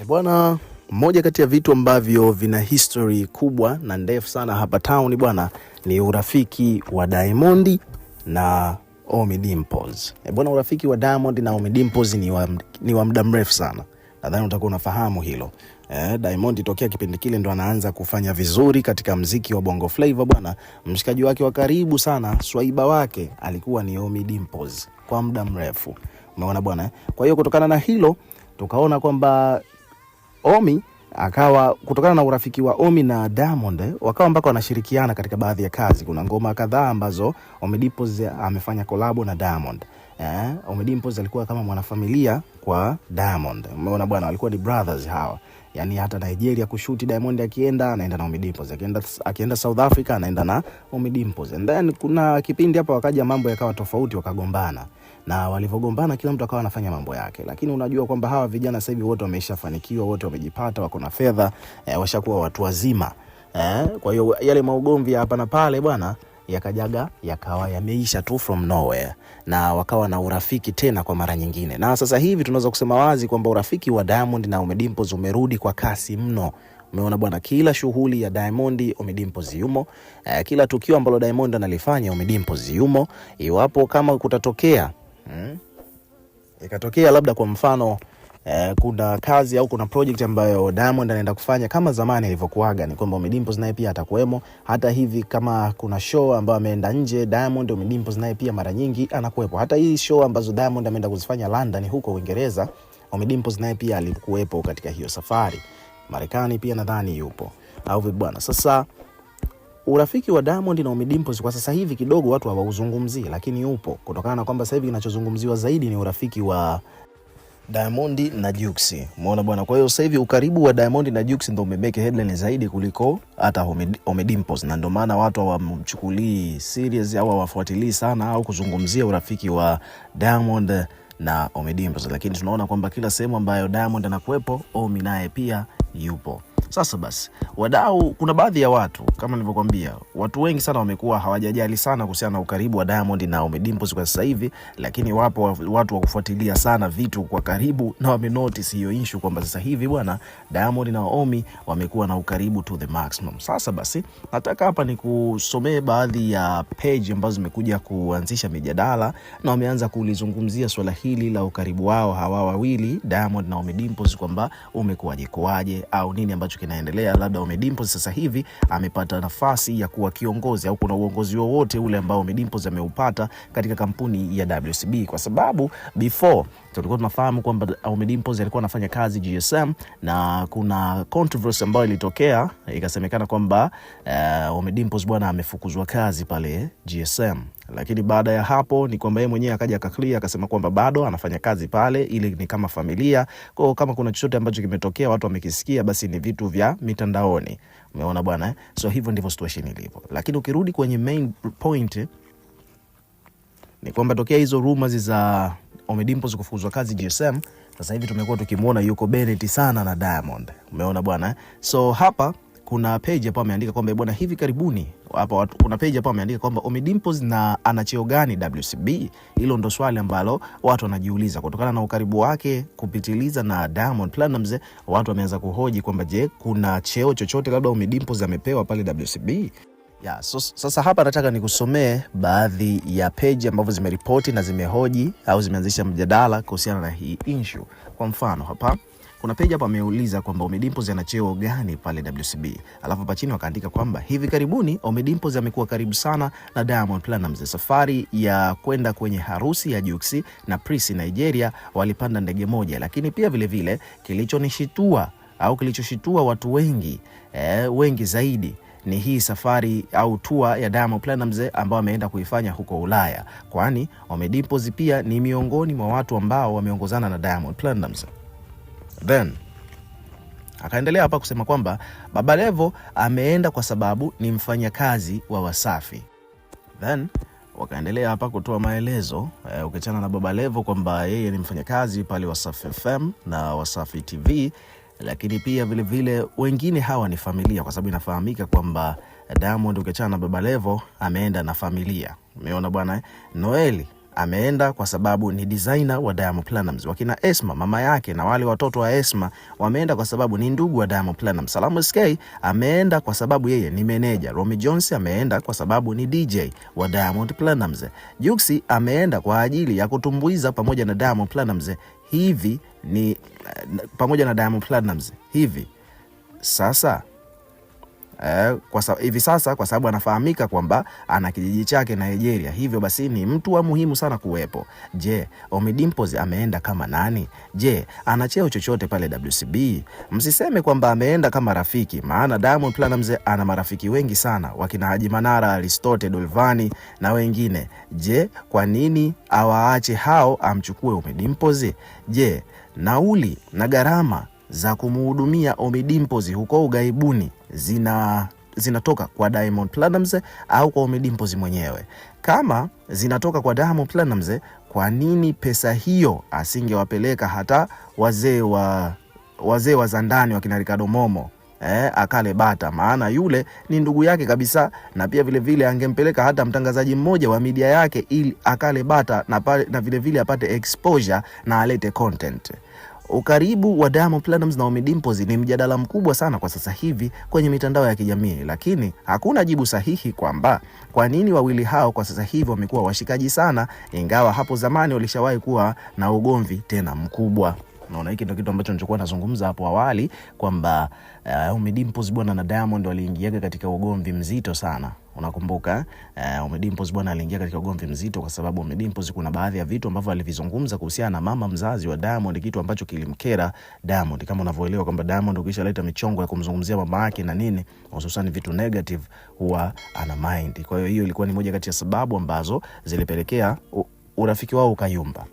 E bwana, moja kati ya vitu ambavyo vina history kubwa na ndefu sana hapa town bwana ni urafiki wa Diamond na Ommy Dimpoz. E bwana, urafiki wa Diamond na Ommy Dimpoz ni wa, ni wa muda mrefu sana. Nadhani utakuwa unafahamu hilo. Eh, Diamond tokea kipindi kile ndo anaanza kufanya vizuri katika mziki wa Bongo Flava bwana. Mshikaji wake wa karibu sana, swaiba wake alikuwa ni Ommy Dimpoz kwa muda mrefu. Umeona bwana? Eh? Kwa hiyo kutokana na hilo tukaona kwamba Omi akawa kutokana na urafiki wa Omi na Diamond wakawa mpaka wanashirikiana katika baadhi ya kazi. Kuna ngoma kadhaa ambazo Omy Dimpoz amefanya kolabo na Diamond. Eh, Omy Dimpoz alikuwa kama mwanafamilia kwa Diamond. Umeona bwana, walikuwa ni brothers hawa yani hata Nigeria kushuti Diamond akienda anaenda na Ommy Dimpoz, akienda akienda South Africa anaenda na Ommy Dimpoz. And then kuna kipindi hapa wakaja mambo yakawa tofauti, wakagombana na walivyogombana, kila mtu akawa anafanya mambo yake, lakini unajua kwamba hawa vijana sasa hivi wote wameshafanikiwa, wote wamejipata, wako na fedha eh, washakuwa watu wazima eh, kwa hiyo yale maugomvi hapa na pale bwana yakajaga yakawa yameisha tu from nowhere, na wakawa na urafiki tena kwa mara nyingine. Na sasa hivi tunaweza kusema wazi kwamba urafiki wa Diamond na umedimpos umerudi kwa kasi mno. Umeona bwana, kila shughuli ya Diamond umedimpos yumo. Eh, kila tukio ambalo Diamond analifanya umedimpos yumo. Iwapo kama kutatokea hmm, ikatokea labda kwa mfano eh, kuna kazi au kuna project ambayo Diamond anaenda kufanya kama zamani ilivyokuaga, ni kwamba Ommy Dimpoz naye pia atakuwemo. Hata hivi kama kuna show ambayo ameenda nje Diamond, Ommy Dimpoz naye pia mara nyingi anakuwepo. Hata hii show ambazo Diamond ameenda kuzifanya London huko Uingereza, Ommy Dimpoz naye pia alikuwepo katika hiyo safari. Marekani pia nadhani yupo au bwana. Sasa urafiki wa Diamond na Ommy Dimpoz kwa sasa hivi kidogo watu hawauzungumzii, lakini upo kutokana na kwamba sasa hivi kinachozungumziwa zaidi ni urafiki wa Diamond na Jux. Umeona bwana. Kwa hiyo sasa hivi ukaribu wa Diamond na Jux ndio umemeke headline zaidi kuliko hata Ome Dimples, na ndio maana watu hawamchukulii serious au hawafuatilii sana au kuzungumzia urafiki wa Diamond na Ome Dimples, lakini tunaona kwamba kila sehemu ambayo Diamond anakuwepo Omi naye pia yupo. Sasa basi, wadau, kuna baadhi ya watu kama nilivyokuambia, watu wengi sana wamekuwa hawajajali sana kuhusiana na ukaribu wa Diamond na Ommy kwa sasa hivi, lakini wapo watu wa kufuatilia sana vitu kwa karibu na wamenotice hiyo issue kwamba sasa hivi bwana Diamond na Ommy wamekuwa na ukaribu to the maximum. Sasa basi, nataka hapa nikusomee baadhi ya page ambazo zimekuja kuanzisha mijadala na wameanza kulizungumzia swala hili la ukaribu wao hawa wawili Diamond na Ommy kwamba umekuwaje kuwaje au nini ambacho kinaendelea, labda Ommy sasa hivi amepata nafasi ya kuwa kiongozi au kuna uongozi wowote ule ambao Ommy ameupata katika kampuni ya WCB, kwa sababu before tulikuwa tunafahamu kwamba Ommy alikuwa anafanya kazi GSM na kuna controversy ambayo ilitokea, ikasemekana kwamba uh, bwana amefukuzwa kazi pale GSM. Lakini baada ya hapo ni kwamba yeye mwenyewe akaja akaklia akasema kwamba bado anafanya kazi pale, ili ni kama familia kwao. Kama kuna chochote ambacho kimetokea watu wamekisikia, basi ni vitu vya mitandaoni. Umeona bwana, eh? so hivyo ndivyo situation ilivyo. Lakini ukirudi kwenye main point ni kwamba tokea hizo rumors za Omedimpos kufukuzwa kazi GSM, sasa hivi tumekuwa tukimwona yuko Benet sana na Diamond. Umeona bwana, eh? so hapa kuna page hapo ameandika kwamba bwana, hivi karibuni hapa, kuna page hapo ameandika kwamba Ommy Dimpoz na ana cheo gani WCB? Hilo ndo swali ambalo watu wanajiuliza kutokana na ukaribu wake kupitiliza na Diamond Platnumz. Watu wameanza kuhoji kwamba je, kuna cheo chochote labda Ommy Dimpoz amepewa pale WCB? Ya, so, sasa hapa nataka nikusomee baadhi ya peji ambavyo zimeripoti na zimehoji au zimeanzisha mjadala kuhusiana na hii issue. Kwa mfano hapa kuna peji hapa ameuliza kwamba Ommy ana cheo gani pale WCB, alafu hapa chini wakaandika kwamba hivi karibuni Ommy amekuwa karibu sana na Diamond Platnumz. Safari ya kwenda kwenye harusi ya Jux na Prince Nigeria, walipanda ndege moja, lakini pia vilevile kilichonishitua au kilichoshitua watu wengi eh, wengi zaidi ni hii safari au tua ya Diamond Platnumz ambao ameenda kuifanya huko Ulaya, kwani Ommy pia ni miongoni mwa watu ambao wameongozana na Diamond Platnumz. Then akaendelea hapa kusema kwamba Baba Levo ameenda kwa sababu ni mfanyakazi wa Wasafi. Then wakaendelea hapa kutoa maelezo e, ukiachana na Baba Levo kwamba yeye ni mfanyakazi pale Wasafi FM na Wasafi TV, lakini pia vilevile vile, wengine hawa ni familia, kwa sababu inafahamika kwamba Diamond ukiachana na Baba Levo ameenda na familia. Umeona bwana, eh? Noeli ameenda kwa sababu ni designer wa Diamond Platnumz. Wakina Esma mama yake na wale watoto wa Esma wameenda kwa sababu ni ndugu wa Diamond Platnumz. Salamu SK ameenda kwa sababu yeye ni meneja. Romy Jones ameenda kwa sababu ni DJ wa Diamond Platnumz. Juksi ameenda kwa ajili ya kutumbuiza pamoja na Diamond Platnumz. Hivi ni eh, pamoja na Diamond Platnumz. Hivi sasa Eh, kwa sa, hivi sasa kwa sababu anafahamika kwamba ana kijiji chake Nigeria, hivyo basi ni mtu wa muhimu sana kuwepo. Je, Omidimpos ameenda kama nani? Je, ana cheo chochote pale WCB? Msiseme kwamba ameenda kama rafiki, maana Diamond Platnumz ana marafiki wengi sana, wakina Haji Manara, Aristote, Dolvani na wengine. Je, kwa nini awaache hao amchukue Omidimpos? Je, nauli na gharama za kumuhudumia Ommy Dimpoz huko ughaibuni zina zinatoka kwa Diamond Platnumz au kwa Ommy Dimpoz mwenyewe. Kama zinatoka kwa Diamond Platnumz, kwa nini pesa hiyo asingewapeleka hata wazee wa wazee wa Zandani kina Ricardo Momo eh, akale bata? Maana yule ni ndugu yake kabisa, na pia vilevile vile angempeleka hata mtangazaji mmoja wa media yake ili akale bata na, na vilevile apate exposure na alete content. Ukaribu wa Diamond Platnumz na Ommy Dimpoz ni mjadala mkubwa sana kwa sasa hivi kwenye mitandao ya kijamii, lakini hakuna jibu sahihi kwamba kwa nini wawili hao kwa sasa hivi wamekuwa washikaji sana, ingawa hapo zamani walishawahi kuwa na ugomvi tena mkubwa. Unaona, hiki ndio kitu ambacho nilichokuwa nazungumza hapo awali kwamba uh, Ommy Dimpoz bwana na Diamond waliingiaga katika ugomvi mzito sana. Unakumbuka uh, Ommy Dimpoz bwana aliingia katika ugomvi mzito kwa sababu Ommy Dimpoz kuna baadhi ya vitu ambavyo alivizungumza kuhusiana na mama mzazi wa Diamond, kitu ambacho kilimkera Diamond, kama unavyoelewa kwamba Diamond ukishaleta michongo ya kumzungumzia mama yake na nini, hususan vitu negative, huwa ana mind. Kwa hiyo hiyo ilikuwa ni moja kati ya sababu ambazo zilipelekea urafiki wao ukayumba.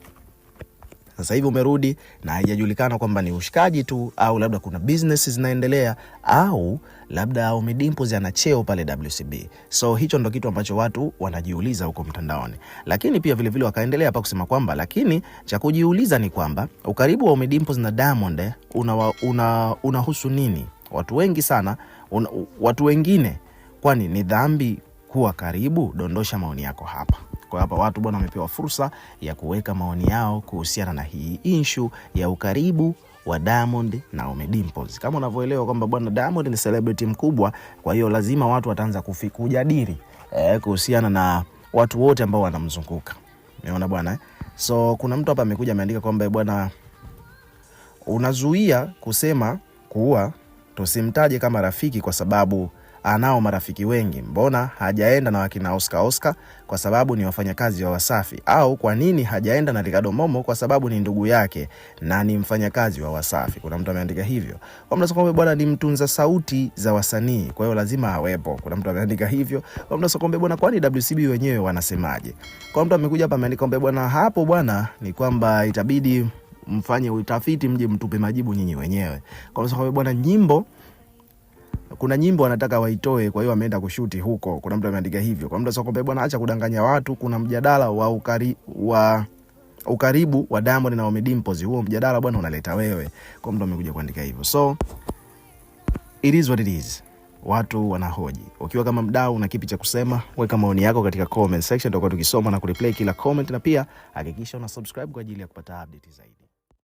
Sasa hivi umerudi na haijajulikana kwamba ni ushikaji tu au labda kuna business zinaendelea au labda umedimpo ana cheo pale WCB. So hicho ndo kitu ambacho watu wanajiuliza huko mtandaoni, lakini pia vilevile vile wakaendelea hapa kusema kwamba, lakini cha kujiuliza ni kwamba ukaribu wa umedimpo Dimpoz na Diamond unahusu una, una nini watu wengi sana una, watu wengine, kwani ni dhambi kuwa karibu? Dondosha maoni yako hapa. Kwa hapa watu bwana, wamepewa fursa ya kuweka maoni yao kuhusiana na hii inshu ya ukaribu wa Diamond na Ommy Dimpoz. Kama unavyoelewa kwamba bwana Diamond ni celebrity mkubwa, kwa hiyo lazima watu wataanza kujadili eh, kuhusiana na watu wote ambao wanamzunguka. Umeona bwana? Eh? So kuna mtu hapa amekuja ameandika kwamba eh, bwana, unazuia kusema kuwa tusimtaje kama rafiki kwa sababu anao marafiki wengi, mbona hajaenda na wakina Oscar Oscar? Kwa sababu ni wafanyakazi wa Wasafi. Au kwa nini hajaenda na Ricardo Momo? Kwa sababu ni ndugu yake na ni mfanyakazi wa Wasafi. Kuna mtu ameandika hivyo. Kwa mtu kwamba bwana ni mtunza sauti za wasanii, kwa hiyo lazima awepo. Kuna mtu ameandika hivyo. Kwa mtu kwamba bwana, kwani WCB wenyewe wanasemaje? Kwa mtu amekuja hapa ameandika kwamba bwana, hapo bwana ni kwamba itabidi mfanye utafiti mje mtupe majibu nyinyi wenyewe. Kwa sababu bwana nyimbo kuna nyimbo wanataka waitoe, kwa hiyo ameenda kushuti huko. Kuna mtu ameandika hivyo, kwa mtu sasa kwamba bwana, acha kudanganya watu. Kuna mjadala wa ukari, wa ukaribu wa Diamond na Ommy Dimpoz, huo mjadala bwana unaleta wewe. Kwa mtu amekuja kuandika hivyo, so it is what it is. Watu wanahoji. Ukiwa kama mdau, una kipi cha kusema? Weka maoni yako katika comment section, tutakuwa tukisoma na kureply kila comment, na pia hakikisha una subscribe kwa ajili ya kupata update zaidi.